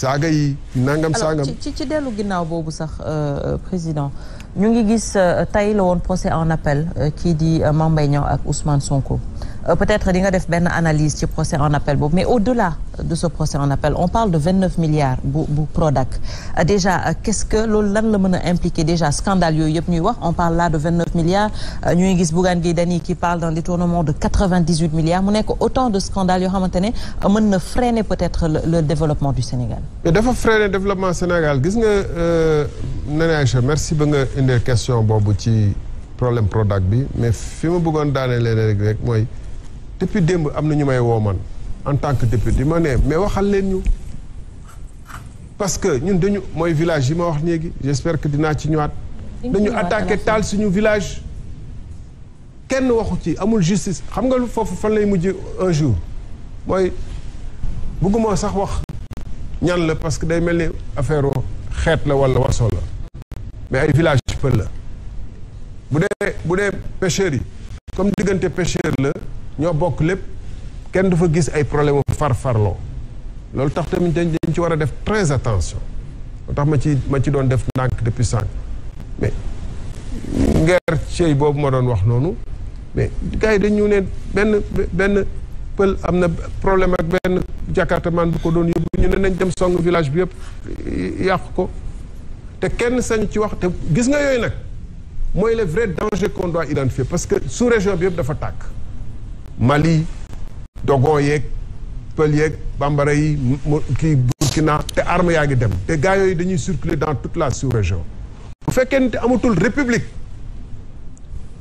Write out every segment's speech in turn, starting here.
saaga yi nangam sangam. ci ci dellu ginnaaw boobu sax euh, président ñu ngi gis euh, tey la woon procès en appel euh, kii di Mame ak Ousmane Sonko. Euh, peut-être di nga def une analyse ci procès en appel mais au-delà de ce procès en appel on parle de 29 milliards pour Prodac euh, déjà euh, qu'est-ce que loolu implique impliquer déjà scandaleux, on parle là de 29 milliards Nous, avons gis Bougane qui parle d'un détournement de 98 milliards autant de scandales qui ont freiné freiner peut-être le développement du Sénégal. Il faut freiner le développement Sénégal gis nga merci pour une question sur le problème Prodac mais fi ma bëggoon daanee depuis démb am na ñu may woo man en tant que député ma ne mais waxal leen ñu parce que ñun dañu mooy village yi ma wax léegi j'espère que dinaa ci ñëwaat dañu attaqué taal suñu village kenn waxu ci amul justice xam nga foofu fan lay mujj un jour mooy bugguma sax wax ñan la parce que day mel ni affaire xeet la wala waso la mais ay village pël la bu dee bu dee pêcheur yi comme diggante pêcheur la ñoo bokk lépp kenn du fa gis ay problème farfarloo loolu tax tamit dañ dañ ci war a def très attention loolu tax ma ci ma ci doon def ndànk depuis sànq mais ngeer cey boobu ma doon wax noonu mais gars yi dañu ne benn benn pël am na problème ak benn jakartaman bu ko doon yóbbu ñu ne nañ dem song village bi yëpp yàqu ko te kenn sañ ci wax te gis nga yooyu nag mooy le vrai danger qu'on doit identifier parce que sous région bi yëpp dafa tàkk Mali dogon yeeg Bambaraï, qui bambara yi kii Burkina te arme yaa ngi dem te gars y dañuy circuler dans toute la sous-région bu fekkee nit république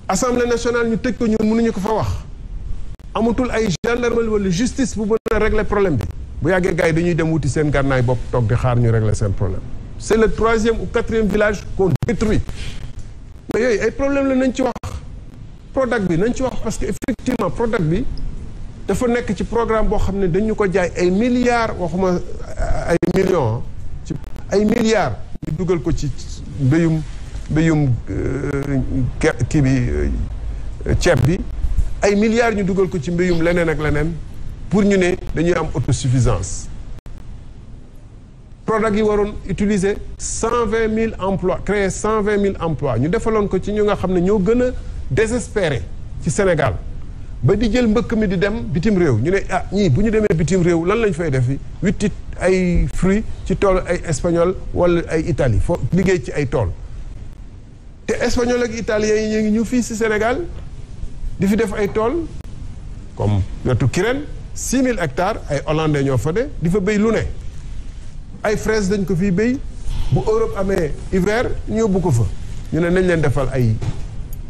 assemblée nationale ñu tëj ko ñun mënuñu ko fa wax amatul ay gendarmerie wala justice bu mën a régler problème bi bu yàggee gars y dañuy dem wuti en gànnaay bopp toog de xaar ñu régler seen problème c'est le troisième ou quatrième village qu'on détruit mais yooyu ay problème la nañ ci wax product bi nañ ci wax parce que effectivement product bi dafa nekk ci programme boo xam ne dañu ko jaay ay milliards waxuma ay millions ci ay milliards ñu dugal ko ci mbéyum mbéyum euh, kii bi euh, ceeb bi ay milliards ñu dugal ko ci mbéyum leneen ak leneen pour ñu ne dañuy am autosuffisance product yi waroon utiliser cent emplois créer 120 000 emplois ñu defaloon ko ci ñu nga xam ne ñoo gën a désespéré ci Sénégal ba di jël mbëkk mi di dem bitim réew ñu ne ah ñi bu ñu demee bitim réew lan lañ fay def witti ay fruits ci tool ay espagnol wala ay Italie fo liggéey ci ay tool te espagnol ak italien yi ñu ngi ñu fii ci Sénégal di fi def ay tool comme wetu kiren 6000 hectares ay hollandais ñoo fa de di fa bay lu ne ay fraises dañ ko fiy bay bu Europe amee hiver ñu yóbbu ko fa ñu ne nañ leen defal ay.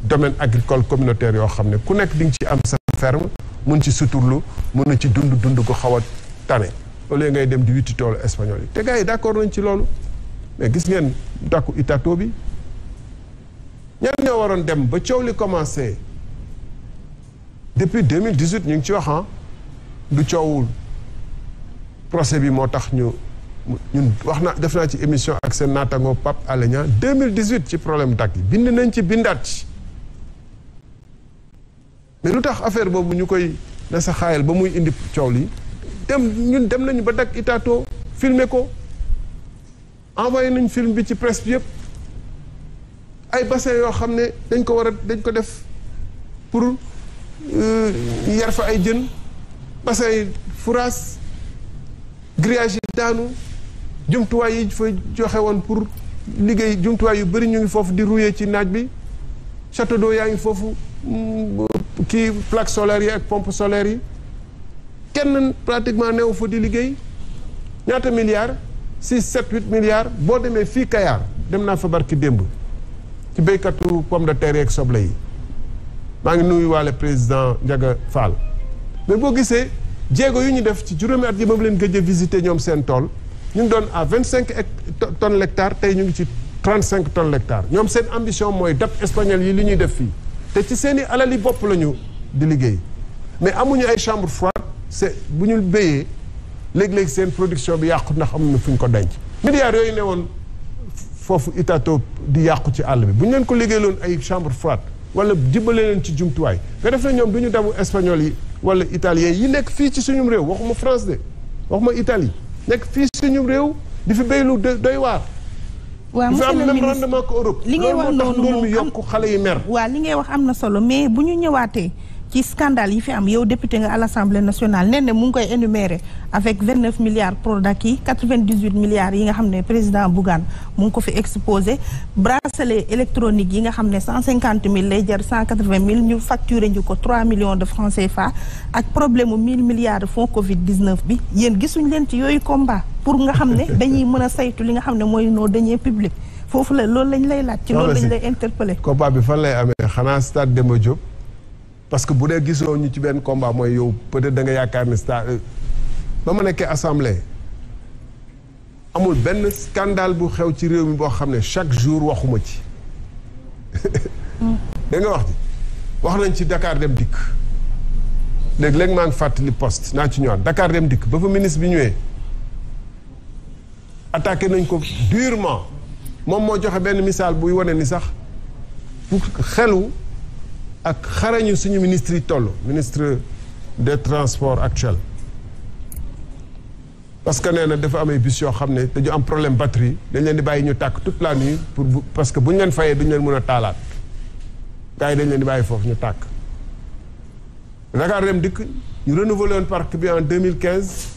domaine agricole communautaire yoo xam ne ku nekk di nga ci am sa ferme mun ci suturlu mun na ci dund dund ko xaw a tane au lieu ngay dem di witti toolu espagnol yi te gars yi d' accord nañ ci loolu mais gis ngeen takku itato bi ñan ñoo waroon dem ba coow li commencé depuis 2018 ñu ngi ci wax ah. du coowul procès bi moo tax ñu ñun wax na def naa ci émission ak seen naatango Pape Alé Niang 2018 ci problème dak yi bind nañ ci bindaat lu tax affaire boobu ñu koy na sa xaayal ba muy indi coow li dem ñun dem nañu ba dak itaato filmer ko envoyé nañ film bi ci presse bi yëpp ay bassin yoo xam ne dañ ko war a dañ ko def pour euh, yar fa ay jën bassin yi fourage grillage yi daanu jumtuwaay yi fa joxe woon pour liggéey jumtuwaay yu bëri ñu ngi foofu di rouillé ci naaj bi château d'eau yaa ngi foofu mm, kii plaque solaire yi ak pompe solaire yi kenn pratiquement neew fa di liggéey ñaata milliards six sept huit milliards boo demee fii Kayar dem naa fa barki démb ci béykatu pomme de terre yeeg soble yi maa ngi nuyu waale président Ndiaga Fall mais boo gisee jéego yu ñu def ci juróomi at yi ma leen gëj a visité ñoom seen tool ñu ngi doon à vingt cinq tonnes l'hectare tey ñu ngi ci trente cinq tonnes l'hectare ñoom seen ambition mooy dab espagnol yi li ñuy def fii te ci seeni i alali bopp la ñu di liggéey mais amuñu ay chambre froide c'est bu ñu béyee léeg-léeg seen production bi yàqu ndax amuñu fu ñu ko denc méliare yooyu ne woon foofu itato di yàqu ci àll bi bu ñu leen ko liggéeyloon ay chambre froide wala jibale leen ci jumtuwaay nga def na ñoom du ñu demu espagnol yi wala italien yi nekk fii ci suñu réew waxuma France de waxuma Italie nekk fii suñum réew di fi béy lu doy waar waaw ma le ministre li ngay wax noonu mi yokk xale yu mer waa li ngay wax am na solo mais bu ñu ñëwaatee ci scandale yi fi am yow député nga à l'Assemblée nationale nee mu ngi koy énumérer avec vingt neuf milliards Prodac yi quatre yi nga xam ne président Bougane mu ngi ko fi exposé bracelet électronique yi nga xam ne cent cinquante mille lay jar cent quatre vingt mille ñu facturé ñu ko trois millions de francs CFA ak problème mu mille milliards de fonds Covid bi yéen gisuñ leen ci yooyu combat. pour nga xam ne dañuy mën a saytu li nga xam ne mooy nos deniers publics foofu la loolu lañ lay laaj. ci loolu lañ lay interpellé. combat bi fan lay amee xanaa stade a Diop parce que bu dee gisoo ñu ci benn combat mooy yow peut-être da nga yaakaar ne stade euh, ba ma nekkee assemblée amul benn scandale bu xew ci réew mi boo xam ne chaque jour waxuma ci. da wax wax nañ ci Dakar dem dikk léegi léegi maa ngi fàttali poste naa ci ñëwaat Dakar dem dikk ba fa ministre bi ñëwee. attaqué nañ ko durement moom moo joxe benn misaal buy wane ni sax pour xelu ak xarañu suñu ministre yi ministre des transports actuel parce que nee na dafa am bus yoo xam ne dañu am problème batterie dañ leen di bàyyi ñu tàkk toute la nuit pour parce que buñ leen fayee duñ leen mën a taalaat gars yi dañ leen di bàyyi foofu ñu tàkk Dakar Dem Dikk ñu renouvelé un parc bi en 2015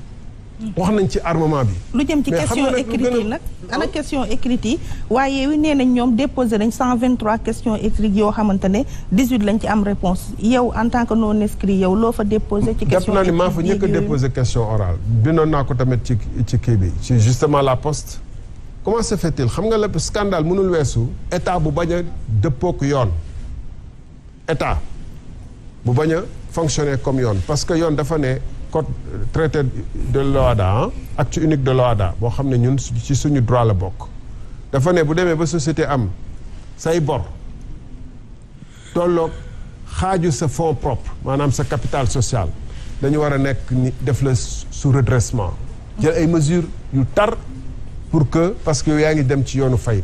Mm. wax nañ ci armement bi. lu jëm question écrite question déposé 123 questions écrites 18 lañ en tant que non yow déposé. ci question déposé question orale ci justement la poste. comment se fait-il xam nga le scandale mënul état a dëppook yoon état bu bañ fonctionner comme parce que dafa code traité de ak ci unique de l'OHADA boo xam ne ñun ci suñu droit la bokk dafa ne bu demee ba société am say bor tolloog xaaju sa fonds propre maanaam sa capital social dañu war a nekk ni def la sous redressement jël ay mesures yu tar pour que parce que yaa ngi dem ci yoonu fay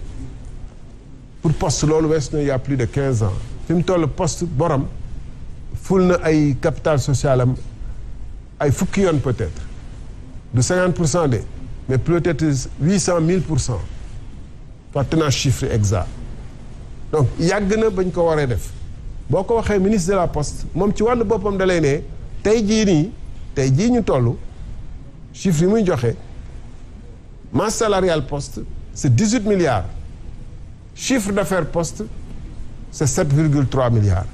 pour poste loolu wees na y a plus de quinze ans fi mu toll post boram ful na ay capital social am Il ay en ait peut-être De 50 mais peut-être 800 000 pour cent chiffre exact donc il a na bañ ko waree def boo Si le ministre de la poste je ci wàllu boppam da de ne tey jii nii chiffre yi de masse poste c'est 18 milliards chiffre d'affaires poste c'est 7,3 milliards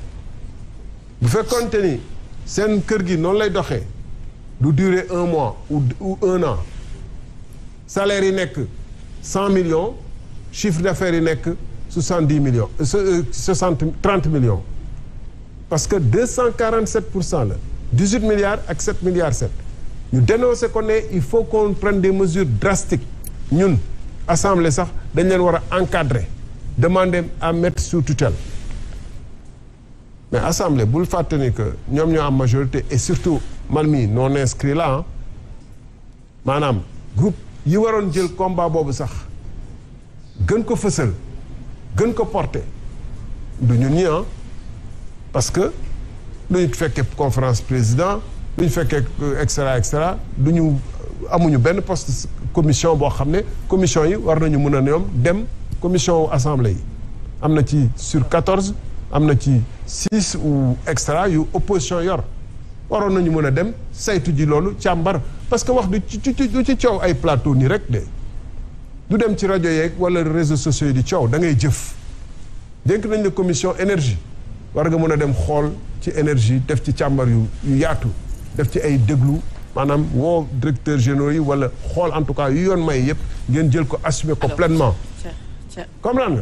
Vous faites ni c'est kër gi non lay de durer un mois ou, un an, salaire est 100 millions, chiffre d'affaires est 70 millions, 30 euh, euh, millions. Parce que 247%, 18 milliards et 7 milliards Nous dénonçons ce qu'on est, il faut qu'on prenne des mesures drastiques. Nous, Assemblée, nous devons encadrer, demander à mettre sous tutelle mais assemblée bul vous que nous une une majorité et surtout malmi non inscrit là, hein. madame, groupe jël combat pour sax gën ko fësal gën ko porter hein. parce que fait une conférence président nous avons nous etc. fait etc, duñu amuñu poste commission boo commission nous avons nañu dem commission assemblée yi sur 14, amna ci 6 ou extra yu opposition yor waro nañu mën dem saytu ji loolu càmbar parce que wax du ci du ci coow ay plateau ni rek de du dem ci radio yek wala réseaux sociaux di coow da ngay jëf denk nañ la commission énergie war nga mën dem xol ci énergie def ci càmbar yu yu yaatu def ci ay déglu manam wo directeur généraux yi wala xol en tout cas yu yoon may yep ngeen jël ko assumer ko pleinement comprendre nga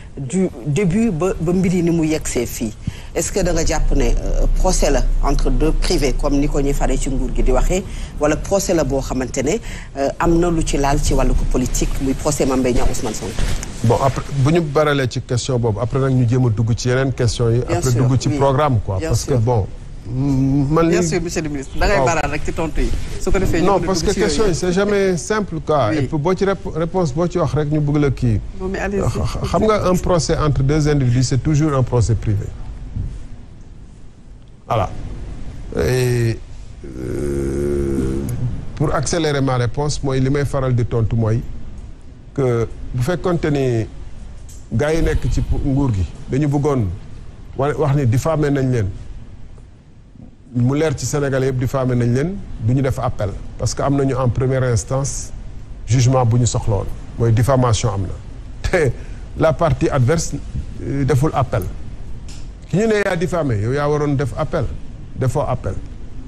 du début ba ba ni mu yexé fi est-ce que da nga japp né euh, procès la entre deux privés comme ni ko ñuy faree ci nguur gi di waxé wala procès la bo xamante euh, amna lu ci laal ci walu politique muy procès Mame Mbaye Ousmane Sonko bon après buñu baralé ci question Bob. après nak ñu jëma dugg ci yenen question yi après dugg ci programme quoi parce que bon Mm, bien sûr monsieur le ministre non parce que question c'est jamais simple car et réponse tu ah, ah, un procès entre deux individus c'est toujours un procès privé. voilà et euh, pour accélérer ma réponse moi li may faral di tontu que bu faites ni gars mu leer ci Sénégal yëpp diffamé nañ leen du ñu def appel parce que am nañu en première instance jugement bu ñu soxlawoon mooy diffamation am na te la partie adverse euh, deful appel ki ñu ne yaa diffamé yow yaa waroon def appel defoo appel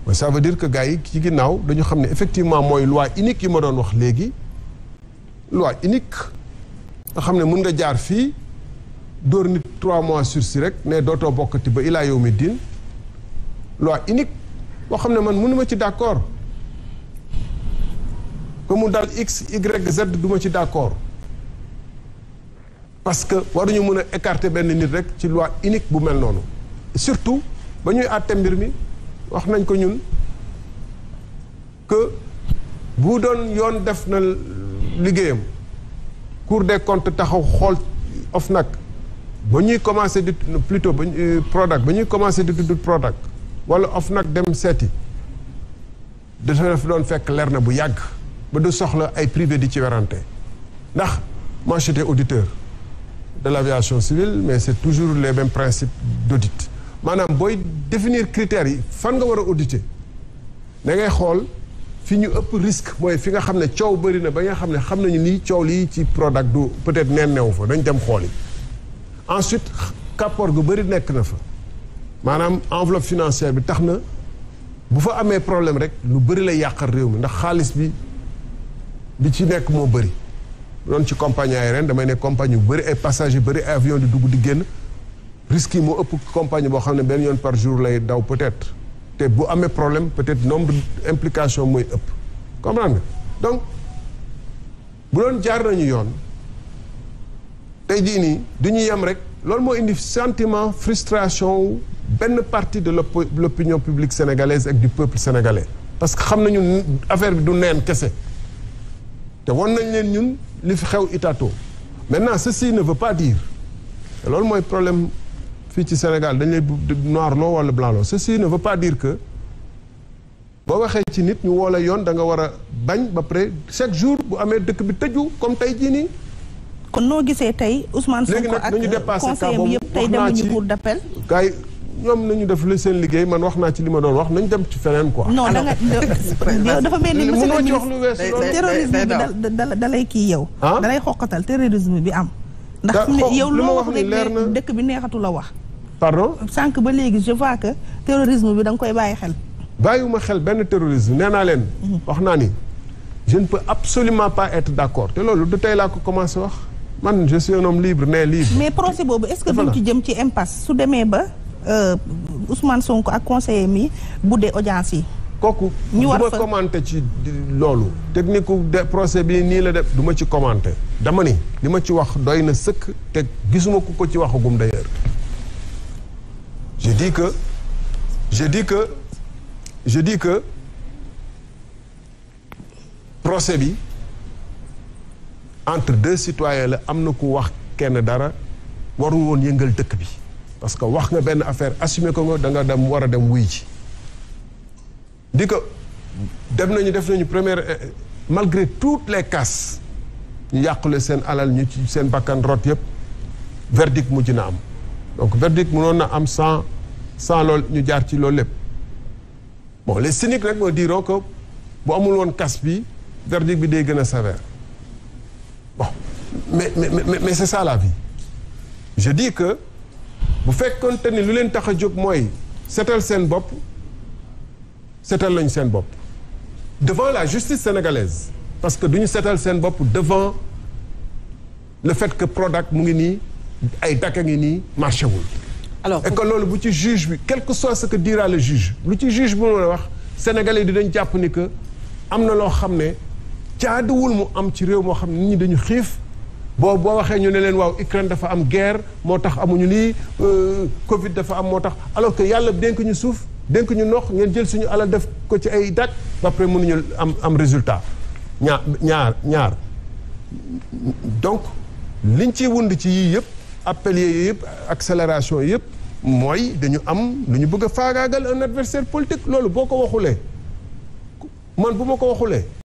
mais ça veut dire que gars yi ci ginnaaw dañu xam ne effectivement mooy loi unique yi ma doon wax léegi loi unique nga xam ne mun nga jaar fii dóor nit trois mois sursis rek ne dootoo bokkati ba ilaa yow mi loi unique boo xam ne man mënuma ci d'accord que mu dal x y z duma ci d'accord parce que waruñu mën a écarter benn nit rek ci loi unique bu mel noonu surtout ba ñuy àtte mbir mi wax nañ ko ñun que bu doon yoon def na liggéeyam Cour des comptes taxaw xool nag ba ñuy commencer di plutôt ba euh, Prodac ba ñuy commencer di tudd Prodac wala of nag dem seeti dafa def doon fekk leer na bu yàgg ba du soxla ay privé di ci werante ndax moi j'étais auditeur de l'aviation civile mais c'est toujours les mêmes principes d'audit maanaam booy définir critères yi fan nga war a auditer da ngay xool fi ñu ëpp risque mooy fi nga xam ne coow bëri na ba nga xam ne xam nañu ni coow lii ci product du peut-être neen fa dañ dem xool yi ensuite kàppoor gu bëri nekk na fa manam enveloppe financière bi taxna bu fa problème rek lu la yakar bi ci compagnie aérienne damay compagnie bu passagers avion risque compagnie par jour lay peut-être vous bu des problème peut-être nombre d'implications des ëpp comprendre nga donc bu doon jaar nañu yoon tay rek frustration benn partie de l'opinion publique sénégalaise ak du peuple sénégalais parce que xam nañu affaire bi du neen kese te won nañ leen ñun li fi xew itato maintenant ceci ne veut pas dire loolu mooy problème fii ci Sénégal dañ lay noir loo wala blanc loo ceci ne veut pas dire que boo waxee ci nit ñu woo la yoon da nga war bañ ba pare chaque jour bu amee dëkk bi tëju comme tey jii nii. kon noo gisee tey Ousmane Sonko ak conseil am yëpp tey demuñu cour d'appel. ñoom nañu def li seen liggéey man wax naa ci li ma doon wax nañ dem ci feneen quoi. non da dafa mel ni mënoo wax lu weesu loolu da kii yow. Ah? da lay xoqatal terrorisme bi am. ndax yow loo wax rek ne bi neexatu la wax. pardon sànq ba léegi je vois que terrorisme bi da nga koy bàyyi xel. bàyyiwuma xel benn terrorisme nee naa leen. Mhm. wax naa ni je ne peux absolument pas être d'accord loolu du commencé wax man je suis un homme libre mais procès boobu est-ce que duñ ci jëm ci impasse su demee ba. Euh, Ousmane Sonko ak conseiller mi buddee audience yi. kooku ñu war fa du ma commenté ci loolu. technique de procès bi nii la def du ci commenté. dama ni li ma ci wax doy na sëkk te gisuma ku ko ci waxagum d'ailleurs. je dis que je dis que je dis que procès bi entre deux citoyens la am na ku wax kenn dara waru woon yëngal dëkk bi. parce que wax nga affaire assumé ko nga da nga dem wara dem wuy ko nañu def nañu eh, malgré toutes les casses ñu yàqule seen alal ñu ci seen bakkan rot yëpp verdict mujj donc verdict mënoon na am sans sans ñu bon les cyniques me diront que bu amul woon casse bi verdict bi day gën a bon mais mais mais, mais c'est ça la vie je dis que vous faites ni que leen que a vous setal le bopp setal le seen devant la justice sénégalaise parce que nous setal seen devant le fait que Product mu ngi ay marché alors et que vous... bu juge quel que soit ce que dira le juge le juge bon sénégalais dinañ que nous avons loo xam il mu am ci gens moo xam boo boo waxee ñu ne leen waaw Ukraine dafa am guerre moo tax amuñu lii euh, Covid dafa am moo tax alors que yàlla dénk ñu suuf dénk ñu nox ngeen jël suñu alal def ko ci ay daj ba pare mënuñu am am résultat ñaar ñaar ñaar donc liñ ci wund ci yii yëpp appels yi yëpp accélération yi yëpp mooy dañu am lu ñu bëgg a faagaagal un adversaire politique loolu boo ko waxulee man bu ma ko waxulee